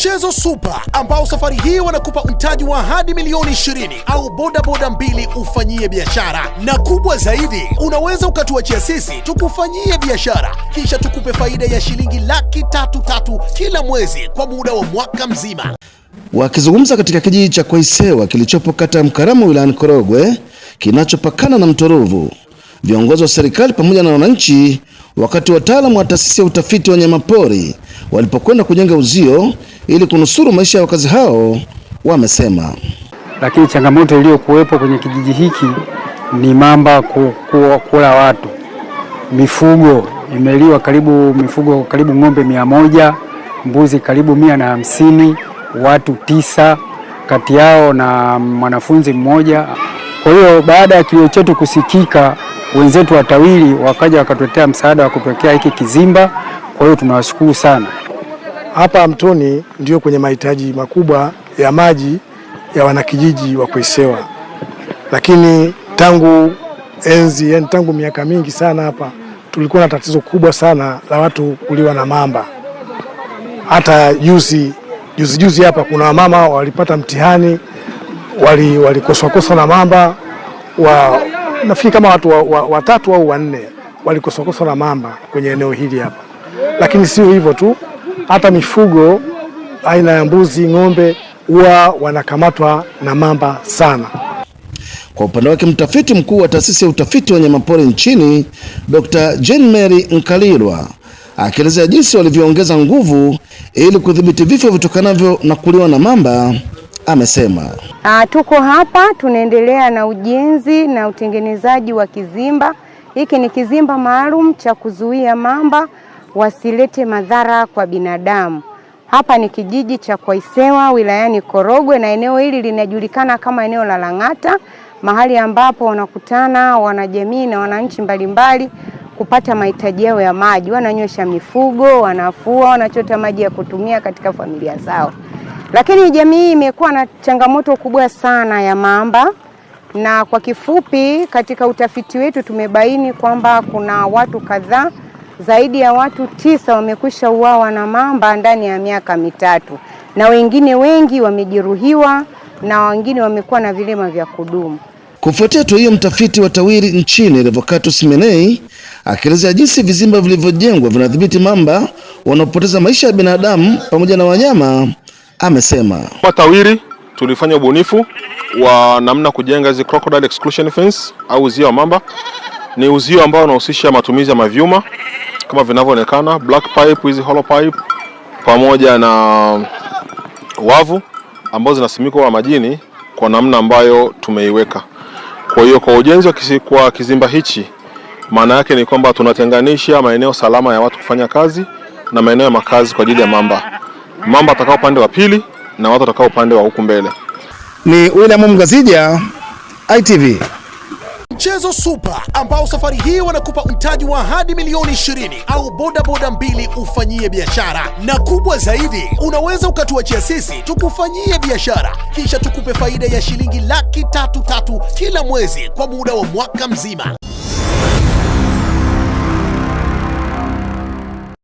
Mchezo Super ambao safari hii wanakupa mtaji wa hadi milioni 20 au bodaboda mbili ufanyie biashara, na kubwa zaidi, unaweza ukatuachia sisi tukufanyie biashara kisha tukupe faida ya shilingi laki tatu tatu kila mwezi kwa muda wa mwaka mzima. Wakizungumza katika kijiji cha Kwaisewa kilichopo kata ya Mkaramo wilayani Korogwe kinachopakana na mto Ruvu, viongozi wa serikali pamoja na wananchi, wakati wataalamu wa taasisi ya utafiti wa wanyamapori walipokwenda kujenga uzio ili kunusuru maisha ya wakazi hao, wamesema. Lakini changamoto iliyokuwepo kwenye kijiji hiki ni mamba kula watu, mifugo imeliwa karibu mifugo karibu ng'ombe mia moja, mbuzi karibu mia na hamsini, watu tisa kati yao na mwanafunzi mmoja. Kwa hiyo baada ya kilio chetu kusikika, wenzetu watawili wakaja wakatuletea msaada wa kupokea hiki kizimba. Kwa hiyo tunawashukuru sana. Hapa Mtoni ndio kwenye mahitaji makubwa ya maji ya wanakijiji wa Kuisewa, lakini tangu enzi, yani tangu miaka mingi sana hapa tulikuwa na tatizo kubwa sana la watu kuliwa na mamba. Hata juzi juzi juzi hapa kuna wamama walipata mtihani, walikoswakosa wali na mamba wa, nafikiri kama watu watatu wa, wa au wanne walikoswakoswa na mamba kwenye eneo hili hapa, lakini sio hivyo tu hata mifugo aina ya mbuzi, ng'ombe huwa wanakamatwa na mamba sana. Kwa upande wake mtafiti mkuu wa taasisi ya utafiti wa wanyamapori nchini Dr. Jane Mary Nkalirwa akielezea jinsi walivyoongeza nguvu ili kudhibiti vifo vitokanavyo na kuliwa na mamba amesema. A, ah, tuko hapa tunaendelea na ujenzi na utengenezaji wa kizimba. Hiki ni kizimba maalum cha kuzuia mamba wasilete madhara kwa binadamu. Hapa ni kijiji cha Kwaisewa wilayani Korogwe, na eneo hili linajulikana kama eneo la Lang'ata, mahali ambapo wanakutana wanajamii na wananchi mbalimbali kupata mahitaji yao ya maji. Wananywesha mifugo, wanafua, wanachota maji ya kutumia katika familia zao. Lakini jamii imekuwa na changamoto kubwa sana ya mamba, na kwa kifupi, katika utafiti wetu tumebaini kwamba kuna watu kadhaa zaidi ya watu tisa wamekwisha uawa na mamba ndani ya miaka mitatu na wengine wengi wamejeruhiwa na wengine wamekuwa na vilema vya kudumu. Kufuatia hatua hiyo, mtafiti wa TAWIRI nchini Revocatus Menei akielezea jinsi vizimba vilivyojengwa vinadhibiti mamba wanaopoteza maisha ya binadamu pamoja na wanyama, amesema kwa TAWIRI tulifanya ubunifu wa namna kujenga hizi crocodile exclusion fence au uzio wa mamba. Ni uzio ambao unahusisha matumizi ya mavyuma kama vinavyoonekana black pipe, hizi hollow pipe pamoja na wavu ambazo zinasimikwa majini kwa namna ambayo tumeiweka. Kwa hiyo kwa ujenzi wa kwa kizimba hichi, maana yake ni kwamba tunatenganisha maeneo salama ya watu kufanya kazi na maeneo ya makazi kwa ajili ya mamba. Mamba atakao upande wa pili na watu watakaa upande wa huku mbele. Ni William Mgazija, ITV. Mchezo Super ambao safari hii wanakupa mtaji wa hadi milioni 20 au boda boda mbili ufanyie biashara, na kubwa zaidi, unaweza ukatuachia sisi tukufanyie biashara kisha tukupe faida ya shilingi laki tatu tatu kila mwezi kwa muda wa mwaka mzima.